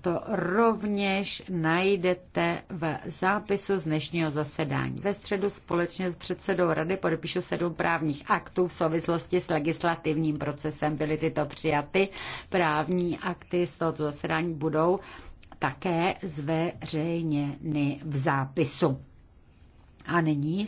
To rovněž najdete v zápisu z dnešního zasedání. Ve středu společně s předsedou rady podepíšu sedm právních aktů v souvislosti s legislativním procesem. Byly tyto přijaty. Právní akty z tohoto zasedání budou také zveřejněny v zápisu. A nyní